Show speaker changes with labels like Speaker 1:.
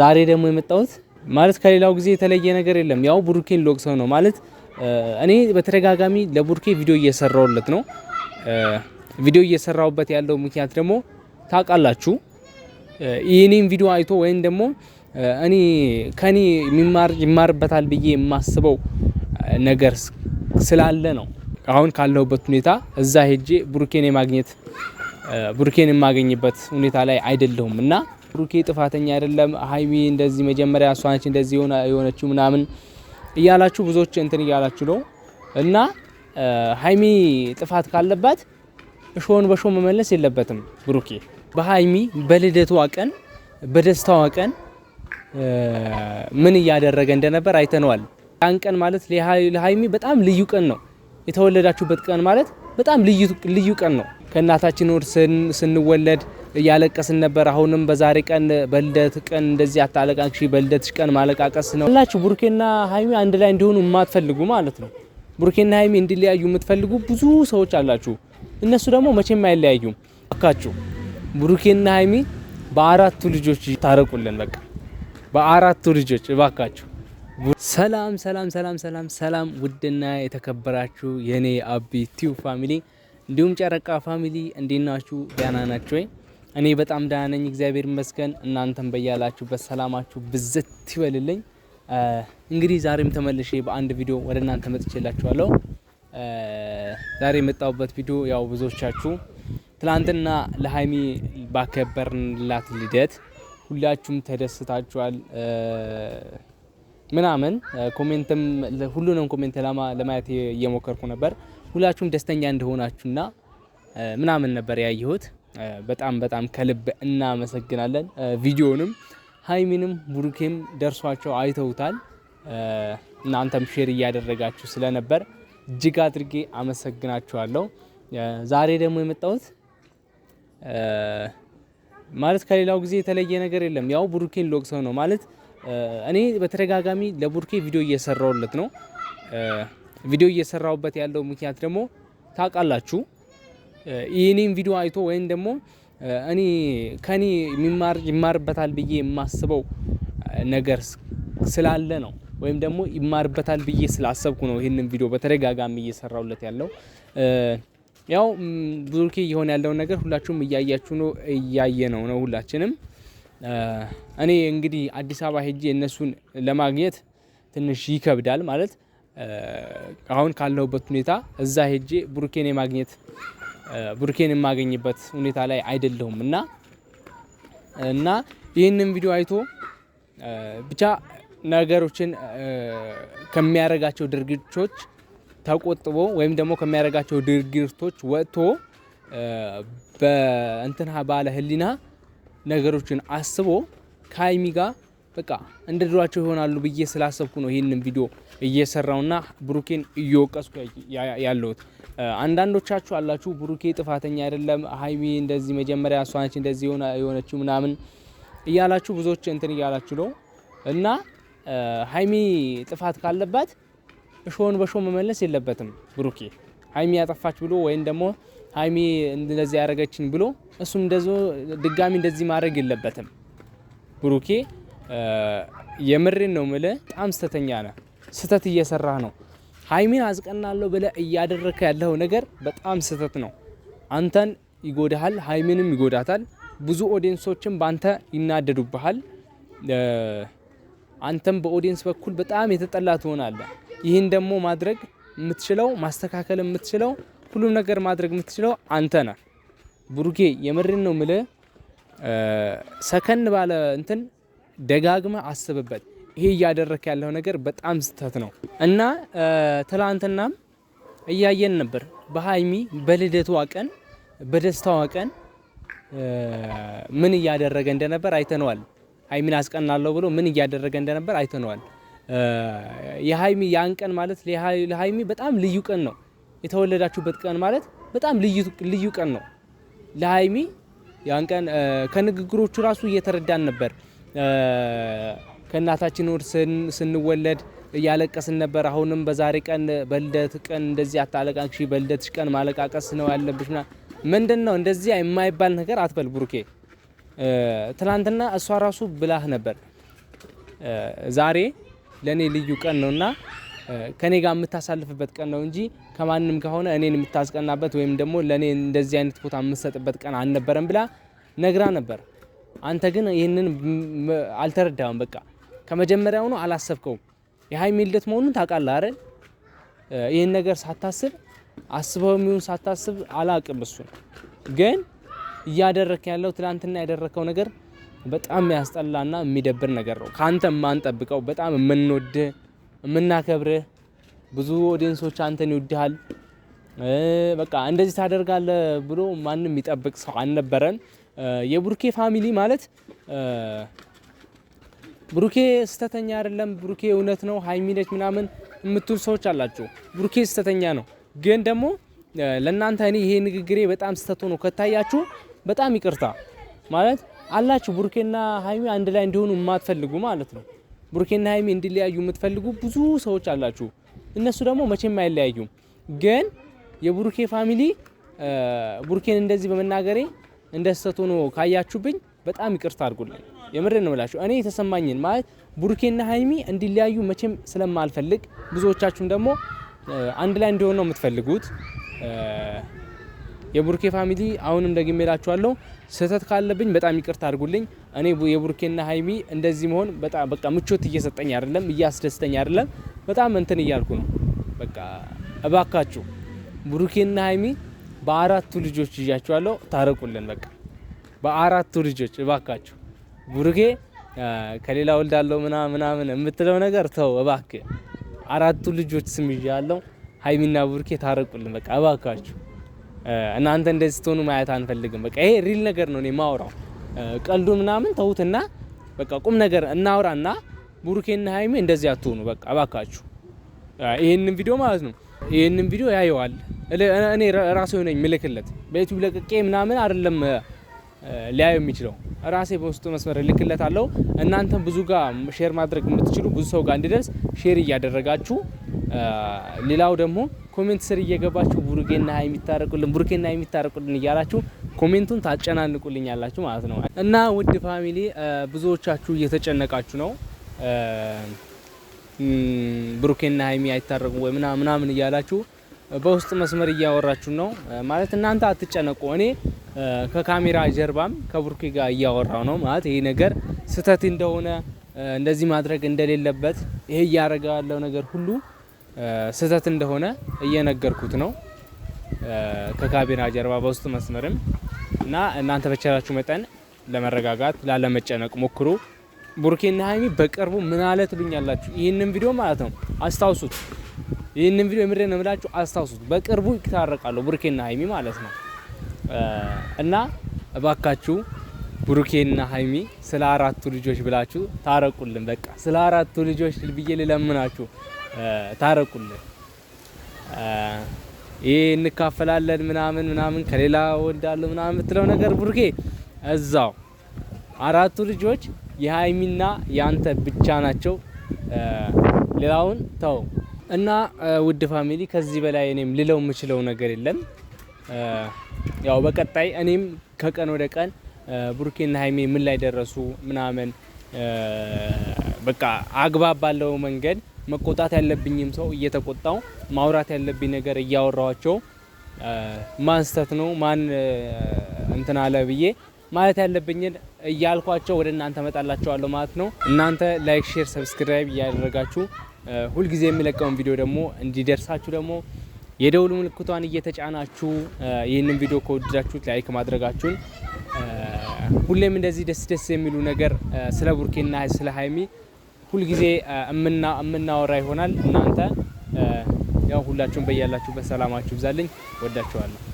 Speaker 1: ዛሬ ደግሞ የመጣሁት ማለት ከሌላው ጊዜ የተለየ ነገር የለም። ያው ቡሩኬን ልወቅሰው ነው ማለት እኔ በተደጋጋሚ ለቡሩኬ ቪዲዮ እየሰራውለት ነው። ቪዲዮ እየሰራውበት ያለው ምክንያት ደግሞ ታውቃላችሁ፣ ይህኔም ቪዲዮ አይቶ ወይም ደግሞ እኔ ከኔ ይማርበታል ብዬ የማስበው ነገር ስላለ ነው። አሁን ካለሁበት ሁኔታ እዛ ሄጄ ቡሩኬን የማግኘት ቡሩኬን የማገኝበት ሁኔታ ላይ አይደለሁም እና ብሩኬ ጥፋተኛ አይደለም፣ ሀይሚ እንደዚህ መጀመሪያ እሷ ነች እንደዚህ የሆነችው ምናምን እያላችሁ ብዙዎች እንትን እያላችሁ ነው። እና ሀይሚ ጥፋት ካለባት እሾን በሾ መመለስ የለበትም ብሩኬ። በሀይሚ በልደቷ ቀን በደስታዋ ቀን ምን እያደረገ እንደነበር አይተነዋል። ያን ቀን ማለት ለሀይሚ በጣም ልዩ ቀን ነው። የተወለዳችሁበት ቀን ማለት በጣም ልዩ ቀን ነው። ከእናታችን ወድ ስንወለድ እያለቀስን ነበር። አሁንም በዛሬ ቀን በልደት ቀን እንደዚህ አታለቃቅሽ፣ በልደትሽ ቀን ማለቃቀስ ነው ላችሁ። ብሩኬና ሀይሚ አንድ ላይ እንዲሆኑ የማትፈልጉ ማለት ነው። ቡርኪና ሀይሚ እንዲለያዩ የምትፈልጉ ብዙ ሰዎች አላችሁ። እነሱ ደግሞ መቼም አይለያዩም። አካችሁ ቡርኪና ሀይሚ በአራቱ ልጆች ታረቁልን። በቃ በአራቱ ልጆች እባካችሁ። ሰላም ሰላም ሰላም ሰላም ሰላም። ውድና የተከበራችሁ የኔ አቢ ቲዩ ፋሚሊ እንዲሁም ጨረቃ ፋሚሊ እንዴት ናችሁ? ደህና ናችሁ ወይ? እኔ በጣም ደህና ነኝ፣ እግዚአብሔር ይመስገን። እናንተም በያላችሁበት ሰላማችሁ ብዝት ይበልልኝ። እንግዲህ ዛሬም ተመልሼ በአንድ ቪዲዮ ወደ እናንተ መጥቼላችኋለሁ። ዛሬ የመጣሁበት ቪዲዮ ያው ብዙዎቻችሁ ትላንትና ለሀይሚ ባከበርንላት ልደት ሁላችሁም ተደስታችኋል ምናምን ኮሜንትም ሁሉንም ኮሜንት ለማየት እየሞከርኩ ነበር። ሁላችሁም ደስተኛ እንደሆናችሁና ምናምን ነበር ያየሁት በጣም በጣም ከልብ እናመሰግናለን። ቪዲዮንም ሀይሚንም ቡሩኬም ደርሷቸው አይተውታል። እናንተም ሼር እያደረጋችሁ ስለነበር እጅግ አድርጌ አመሰግናችኋለሁ። ዛሬ ደግሞ የመጣሁት ማለት ከሌላው ጊዜ የተለየ ነገር የለም። ያው ቡሩኬን ሎቅሰው ነው ማለት እኔ በተደጋጋሚ ለቡሩኬ ቪዲዮ እየሰራውለት ነው። ቪዲዮ እየሰራውበት ያለው ምክንያት ደግሞ ታውቃላችሁ ይህኔም ቪዲዮ አይቶ ወይም ደግሞ እኔ ከኔ ይማርበታል ብዬ የማስበው ነገር ስላለ ነው ወይም ደግሞ ይማርበታል ብዬ ስላሰብኩ ነው ይህንን ቪዲዮ በተደጋጋሚ እየሰራውለት ያለው። ያው ብሩኬ እየሆነ ያለውን ነገር ሁላችሁም እያያችሁ ነው፣ እያየ ነው ነው ሁላችንም። እኔ እንግዲህ አዲስ አበባ ሄጄ እነሱን ለማግኘት ትንሽ ይከብዳል ማለት አሁን ካለሁበት ሁኔታ እዛ ሄጄ ብሩኬን የማግኘት ብሩኬን የማገኝበት ሁኔታ ላይ አይደለሁም እና እና ይህንን ቪዲዮ አይቶ ብቻ ነገሮችን ከሚያደርጋቸው ድርጊቶች ተቆጥቦ ወይም ደግሞ ከሚያደርጋቸው ድርጊቶች ወጥቶ በእንትና ባለ ህሊና ነገሮችን አስቦ ከሀይሚ ጋር በቃ እንደ ድሯቸው ይሆናሉ ብዬ ስላሰብኩ ነው ይህንን ቪዲዮ እየሰራውና ብሩኬን እየወቀስኩ ያለሁት። አንዳንዶቻችሁ አላችሁ ብሩኬ ጥፋተኛ አይደለም፣ ሀይሚ እንደዚህ መጀመሪያ እሷ ነች እንደዚህ የሆነችው ምናምን እያላችሁ ብዙዎች እንትን እያላችሁ ነው እና ሀይሚ ጥፋት ካለባት እሾን በሾ መመለስ የለበትም ብሩኬ ሀይሚ ያጠፋች ብሎ ወይም ደግሞ ሀይሚ እንደዚህ ያደረገችን ብሎ እሱም እንደዚ ድጋሚ እንደዚህ ማድረግ የለበትም ብሩኬ የምሬን ነው የምልህ። በጣም ስተተኛ ነህ። ስተት እየሰራህ ነው። ሀይሚን አዝቀናለሁ ብለህ እያደረከ ያለው ነገር በጣም ስተት ነው። አንተን ይጎዳሃል፣ ሀይሚንም ይጎዳታል። ብዙ ኦዲየንሶችም በአንተ ይናደዱብሃል። አንተም በኦዲየንስ በኩል በጣም የተጠላ ትሆናለህ። ይህን ደግሞ ማድረግ የምትችለው ማስተካከል የምትችለው ሁሉም ነገር ማድረግ የምትችለው አንተ ነህ ብሩኬ። የምሬን ነው ምልህ ሰከን ባለ እንትን ደጋግመ አስብበት። ይሄ እያደረክ ያለው ነገር በጣም ስህተት ነው እና ትላንትናም እያየን ነበር በሀይሚ በልደቷ ቀን በደስታዋ ቀን ምን እያደረገ እንደነበር አይተነዋል። ሀይሚን አስቀናለሁ ብሎ ምን እያደረገ እንደነበር አይተነዋል። የሀይሚ ያን ቀን ማለት ለሀይሚ በጣም ልዩ ቀን ነው። የተወለዳችሁበት ቀን ማለት በጣም ልዩ ቀን ነው ለሀይሚ ያን ቀን ከንግግሮቹ ራሱ እየተረዳን ነበር። ከእናታችን ውድ ስንወለድ እያለቀስን ነበር። አሁንም በዛሬ ቀን በልደት ቀን እንደዚህ አታለቃቅሽ፣ በልደትሽ ቀን ማለቃቀስ ነው ያለብሽ። ምንድን ነው እንደዚህ የማይባል ነገር አትበል ብሩኬ። ትናንትና እሷ ራሱ ብላህ ነበር፣ ዛሬ ለእኔ ልዩ ቀን ነውና ከኔ ጋር የምታሳልፍበት ቀን ነው እንጂ ከማንም ከሆነ እኔን የምታስቀናበት ወይም ደግሞ ለእኔ እንደዚህ አይነት ቦታ የምትሰጥበት ቀን አልነበረም ብላ ነግራ ነበር። አንተ ግን ይህንን አልተረዳም። በቃ ነው አላሰብከውም። የሀይሚ ልደት መሆኑን ታውቃለህ አይደል? ይህን ነገር ሳታስብ አስበው የሚሆን ሳታስብ አላቅም። እሱ ግን እያደረክ ያለው ትላንትና ያደረከው ነገር በጣም የሚያስጠላና የሚደብር ነገር ነው። ከአንተ የማንጠብቀው በጣም የምንወድህ የምናከብርህ፣ ብዙ ኦዲየንሶች አንተን ይወድሃል። በቃ እንደዚህ ታደርጋለህ ብሎ ማንም የሚጠብቅ ሰው አልነበረን። የቡርኬ ፋሚሊ ማለት ብሩኬ ስህተተኛ አይደለም፣ ብሩኬ እውነት ነው፣ ሀይሚ ነች ምናምን የምትሉ ሰዎች አላችሁ። ብሩኬ ስህተተኛ ነው፣ ግን ደግሞ ለእናንተ እኔ ይሄ ንግግሬ በጣም ስህተት ሆኖ ከታያችሁ በጣም ይቅርታ ማለት አላችሁ። ብሩኬና ሀይሚ አንድ ላይ እንዲሆኑ የማትፈልጉ ማለት ነው። ብሩኬና ሀይሚ እንዲለያዩ የምትፈልጉ ብዙ ሰዎች አላችሁ። እነሱ ደግሞ መቼም አይለያዩም። ግን የብሩኬ ፋሚሊ ብሩኬን እንደዚህ በመናገሬ እንደ ስህተት ሆኖ ካያችሁብኝ በጣም ይቅርታ አድርጉልኝ። የምር ነው ምላችሁ። እኔ የተሰማኝን ማለት ቡሩኬና ሀይሚ እንዲለያዩ መቼም ስለማልፈልግ ብዙዎቻችሁም ደግሞ አንድ ላይ እንዲሆን ነው የምትፈልጉት። የቡሩኬ ፋሚሊ አሁንም ደግሜ እላችኋለሁ፣ ስህተት ካለብኝ በጣም ይቅርታ አድርጉልኝ። እኔ የቡሩኬና ሀይሚ እንደዚህ መሆን በጣም በቃ ምቾት እየሰጠኝ አይደለም፣ እያስደስተኝ አይደለም። በጣም እንትን እያልኩ ነው። በቃ እባካችሁ ቡርኬና ሀይሚ በአራቱ ልጆች ይዣችኋለሁ። ታረቁልን በቃ በአራቱ ልጆች እባካችሁ። ቡርጌ ከሌላ ወልዳለሁ ምና ምናምን የምትለው ነገር ተው እባክ። አራቱ ልጆች ስም ይዣለሁ። ሀይሚና ቡርኬ ታረቁልን በቃ እባካችሁ። እናንተ እንደዚህ ስትሆኑ ማየት አንፈልግም። በቃ ይሄ ሪል ነገር ነው። እኔ ማውራው ቀልዱ ምናምን ተውትና በቃ ቁም ነገር እናውራና ቡርኬና ሀይሚ እንደዚህ አትሆኑ በቃ እባካችሁ። ይህንን ቪዲዮ ማለት ነው ይህንን ቪዲዮ ያየዋል። እኔ ራሴ ሆነኝ ምልክለት በዩቲዩብ ለቅቄ ምናምን አይደለም ሊያዩ የሚችለው ራሴ በውስጡ መስመር ልክለት አለው። እናንተ ብዙ ጋር ሼር ማድረግ የምትችሉ ብዙ ሰው ጋር እንዲደርስ ሼር እያደረጋችሁ፣ ሌላው ደግሞ ኮሜንት ስር እየገባችሁ ቡሩኬና የሚታረቁልን ቡሩኬና የሚታረቁልን እያላችሁ ኮሜንቱን ታጨናንቁልኝ ያላችሁ ማለት ነው እና ውድ ፋሚሊ ብዙዎቻችሁ እየተጨነቃችሁ ነው ብሩኬና ሀይሚ አይታረቁ ወይ ምና ምናምን እያላችሁ በውስጥ መስመር እያወራችሁ ነው ማለት። እናንተ አትጨነቁ። እኔ ከካሜራ ጀርባም ከብሩኬ ጋር እያወራው ነው ማለት ይሄ ነገር ስህተት እንደሆነ እንደዚህ ማድረግ እንደሌለበት ይሄ እያደረገ ያለው ነገር ሁሉ ስህተት እንደሆነ እየነገርኩት ነው ከካሜራ ጀርባ በውስጥ መስመርም እና እናንተ በቻላችሁ መጠን ለመረጋጋት ላለመጨነቅ ሞክሩ። ቡርኬና ሀይሚ በቅርቡ ምን አለ ትብኛላችሁ? ይህንን ቪዲዮ ማለት ነው አስታውሱት። ይህንን ቪዲዮ የምሬ ነው የምላችሁ አስታውሱት። በቅርቡ ይታረቃሉ ቡርኬና ሀይሚ ማለት ነው። እና እባካችሁ ቡርኬና ሀይሚ ስለ አራቱ ልጆች ብላችሁ ታረቁልን። በቃ ስለ አራቱ ልጆች ብዬ ልለምናችሁ ታረቁልን። ይህ እንካፈላለን ምናምን ምናምን ከሌላ ወንዳለሁ ምናምን የምትለው ነገር ቡርኬ እዛው አራቱ ልጆች የሀይሚና የአንተ ብቻ ናቸው። ሌላውን ተው እና ውድ ፋሚሊ፣ ከዚህ በላይ እኔም ልለው የምችለው ነገር የለም። ያው በቀጣይ እኔም ከቀን ወደ ቀን ቡርኬና ሀይሜ ምን ላይ ደረሱ ምናምን በቃ አግባብ ባለው መንገድ መቆጣት ያለብኝም ሰው እየተቆጣው ማውራት ያለብኝ ነገር እያወራዋቸው ማን ነው ማን እንትን አለ ብዬ ማለት ያለብኝን እያልኳቸው ወደ እናንተ መጣላቸዋለሁ ማለት ነው። እናንተ ላይክ፣ ሼር፣ ሰብስክራይብ እያደረጋችሁ ሁልጊዜ የሚለቀውን ቪዲዮ ደግሞ እንዲደርሳችሁ ደግሞ የደውል ምልክቷን እየተጫናችሁ ይህንን ቪዲዮ ከወደዳችሁት ላይክ ማድረጋችሁን ሁሌም እንደዚህ ደስ ደስ የሚሉ ነገር ስለ ቡርኬና ስለ ሀይሚ ሁልጊዜ የምናወራ ይሆናል። እናንተ ያው ሁላችሁም በያላችሁበት ሰላማችሁ ይብዛልኝ። ወዳችኋለሁ።